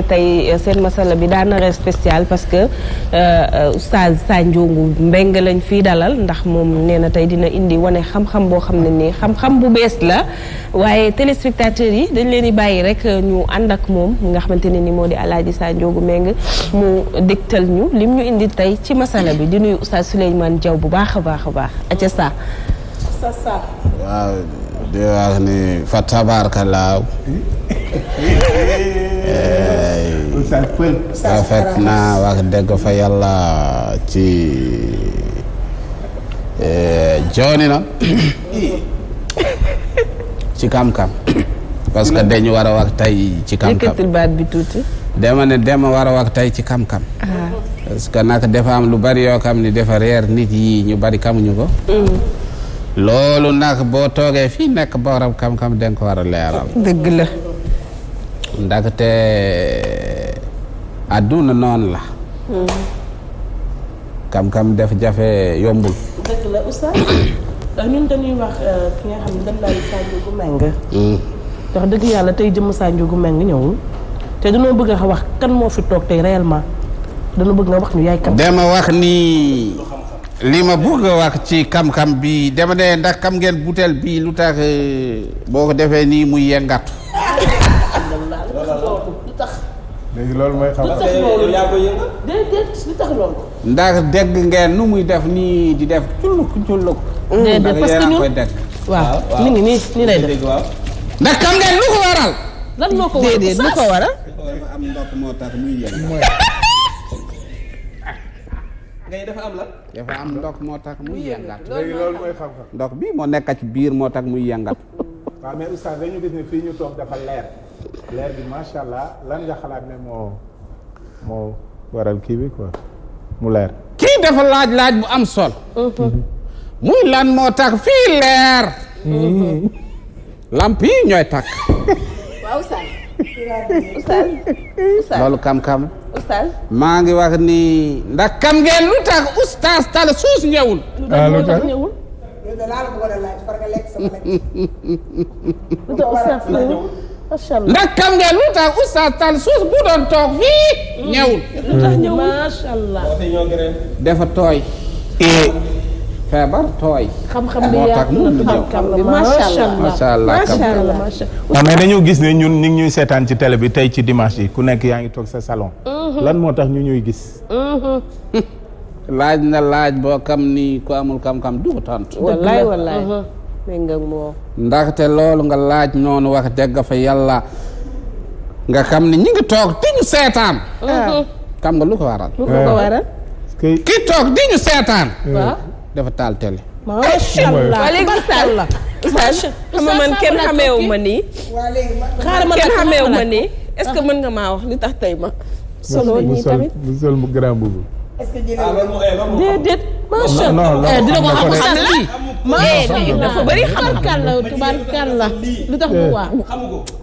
tey euh, seen masala bi daan na spécial parce que euh, euh, oustaz Sanjongu Mbeng lañ fii dalal ndax moom nee na tey dina indi wane xam-xam boo xam ne nii xam-xam bu bees la waaye téléspectateurs yi dañ leen di bàyyi rek ñu ànd ak moom mu nga xamante ne ni moo di alaaji Sanjongu Mbeng mu dégtal ñu lim ñu indi tey ci masala bi di nuyu oustaz man jaw bu baax a baax a baax aca sa sa waaw di wax ni fa tabaarkalaaw fekk na wax dëgg fa yàlla ci eh, jooni na ci kam-kam parce que dañu war a wax tey ci kam-kam ne dama war a wax tey ci kam-kam ah. parce que nag dafa am lu bari yoo kam ni dafa reer nit yi ñu bari xamuñu ko mm. loolu nag boo toogee fii nekk borom kam-kam danga ko war a leeral dëgg la ndaxte àdduna noonu la. Hmm. kam-kam def jafe yombul. dëgg la euh, euh, hmm. dëgg yàlla tey jëmm Sandiougu Meng ñëwul te dañoo bëgg a wax kan moo fi toog tey réellement dana bëgg nga wax ñu yaay kam. dama wax ni li ma bëgg a wax ci kam-kam bi dama ne ndax kam ngeen butel bii lu tax euh, boo ko defee nii muy yëngatu. léegi loolu mooy xam lu tax ndax dégg ngeen nu muy def nii di def culluk culluk. déedéet parce que ñun koy dégg. waaw ngi nii nii lay def. ndax xam ngeen lu ko waral. am ndox moo tax muy yëngu. am la. dafa am ndox moo tax muy yëngat. léegi loolu mooy bi moo nekk ci biir moo tax muy yëngat. waaw ñu toog dafa leer bi macha allah lan nga xalaat ne moo waral kii bi quoi mu leer. kii dafa laaj laaj bu am sol uh-huh. muy lan moo tax fii leer. Uh-huh. lamp yi ñooy takk. waaw kam-kam. maa ngi wax ni ndax kam ngeen lu tax Oustaz tal suus ñëwul. macha allah ndakkam nga lu tax oustaz Tall Suus bu doon toog fii. ñëwul lu tax ñëwul macha allah. dafa tooy. Eh. feebar tooy. xam-xam bi yaa xam-xam ah, gis ne ñun ñu ñuy seetaan ci tele bi tey ci dimanche yi ku nekk yaa ngi toog sa salon. Mm-hmm. lan moo tax ñu ñuy gis. Mm-hmm. laaj na laaj boo xam ni ku amul xam-xam du ko wallaay. ndaxte loolu nga laaj noonu wax dëgg fa yàlla nga xam ne ñi ngi toog di ñu seetaan ah. xam nga lu ko waral lu ko waral ki toog di ñu seetaan eh. dafa taal télé macha allah xam nga man kenn xameewu ma nii kenn xameewu ma nii est-ce que mën nga maa wax li tax tey ma solo nii tamit bu sol mu grand boobu macha allah eh, dina ko amul sax lii. Eh, dafa bëri xam-xam tubarkalla lu tax mu eh. waa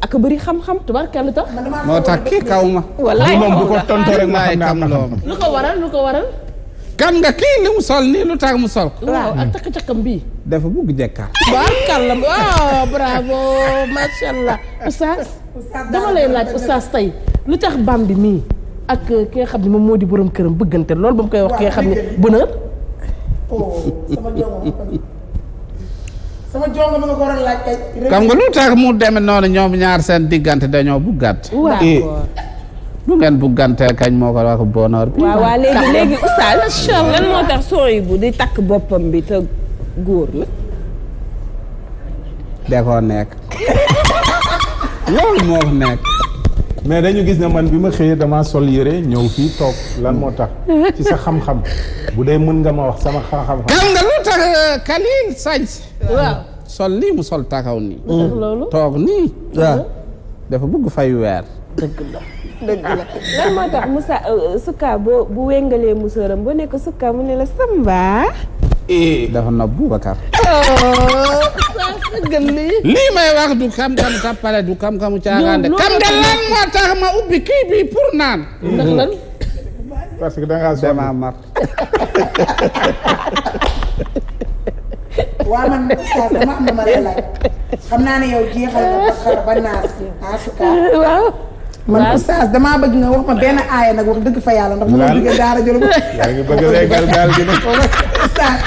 ak bëri xam-xam tubarkalla lu tax. moo tax kii kaw ma. wallaay moom bu ko tontoo rek ma xam ne am na lu ko waral lu ko waral. kan nga kii li mu sol nii lu tax mu sol. waaw ak takk-takkam ah. bii. dafa bugg jekkaar. tubarkalla waaw bravo macha allah. oustaz dama lay laaj oustaz tey lu tax bambi mii ak ki xam ne moom moo di borom këram bëggante lool ba mu koy wax ki nga xam ne bonheur. oh nga lu tax mu demee noonu ñoom ñaar seen diggante dañoo buggante. waaw eh, bu ngeen buggante kañ moo ko wax bonheur bi. waaw waaw léegi léegi oustaz lan moo tax sooy bu di takk boppam bi te góor la. da koo nekk loolu moo ko nekk. mais dañu gis ne man bi ma xëyee damaa sol yére ñëw fii toog lan moo tax ci sa xam-xam bu dee mën nga ma wax sama xam-xam. xam nga lu euh, sol lii mu sol takaw nii. toog nii. waaw ah. dafa bëgg fay weer. dëgg la dëgg la lan moo tax Moussa euh, sukka bu wéngalee musóoram boo nekk sukka mu ne la Samba. Eh. lii may wax du kam-kam tappale du kam-kamu caaxaan de kam nga moo tax ma ubbi kii bi naan. ndax lan. parce que da ngaa sonn dama mar. waa man Moussa dama am lu ma lay laaj xam yow jeexal nga ba ba naas en tout cas. waaw. man oustaz damaa bëgg nga wax ma benn aaya nag wax dëgg fa yàlla ndax. laal mu ngi daara jël yaa ngi bëgg léegal gaal gi nag. oustaz.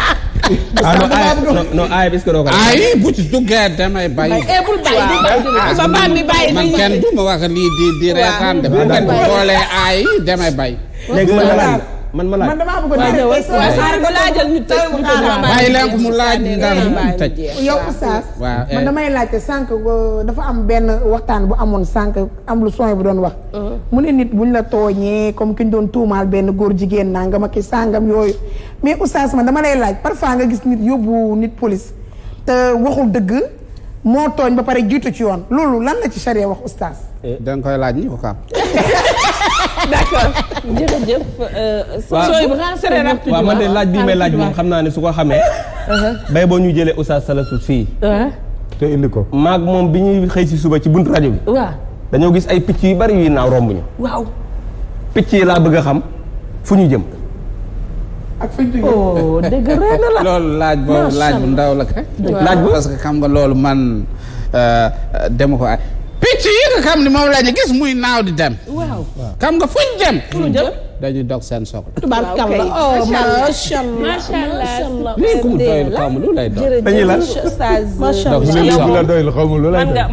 ah non aaya non aaya bis ko doo ko. ayi bu ci duggee damay bàyyi. Eh, bul bàyyi ba baam bi bàyyi man kenn du ma wax lii di di reetaan de bu ngeen boolee aay damay bàyyi. léegi man man ma laaj man damaa bëgg a laaj mu laaj yow eh. damay laajte sànq dafa am benn waxtaan bu amoon sànq am lu soñ bu doon wax uh-huh. mu ne nit buñ la tooñee comme ki ñu doon tuumaal benn góor jigéen nangam ak i sàngam yooyu mais oustaz ma dama lay laaj parfois nga gis nit yóbbu nit police te waxul dëgg moo tooñ ba pare jiitu ci yoon loolu lan la ci charia wax oustaz eh, danga koy laaj ñi ko kaam d'accord jërëjëf. Euh, laaj bi may laaj moom xam naa ne su ko xamee. Uh-huh. bay boo ñu jëlee Oustaz Salatou fii. Uh-huh. te indi ko. maag moom bi ñuy xëy si suba ci bunt rajo bi. dañoo gis ay picc yu bari yuy naaw romb ñu. waaw picc yi laa bëgg a xam fu ñu jëm. ak fi ñu oh, dégg loolu laaj boobu laaj bu ndaw la ka laaj bu parce que xam nga loolu man euh, dema ko ay. picc yi nga xam ne moom la gis muy naaw di dem. waaw xam nga dem. dañuy dog seen soxla. tubaarkalla oh macha allah lu lay dañuy lan macha allah doyul xaw ma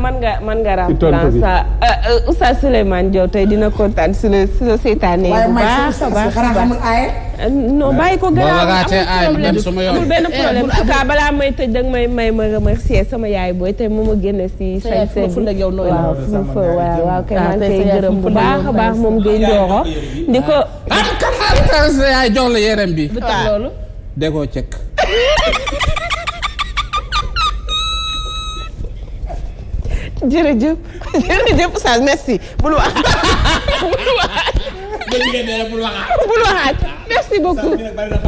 man nga man nga euh, euh, tey dina kontaan si si la seetaanee. non bàyyi ko gannaaw amul benn eh, problème en tout cas balaa may tëj danga may may ma remercier sama yaay booy te mu ma génne si. sa yaay fu waaw fu waaw waaw ah, kay maa ngi koy gërëm bu baax a baax moom Guèye Ndioro. Ah, ah, bul waxaat bul waxaat. bul merci beaucoup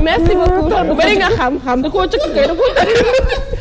merci beaucoup bëri nga xam-xam da koo cëkk kay da koo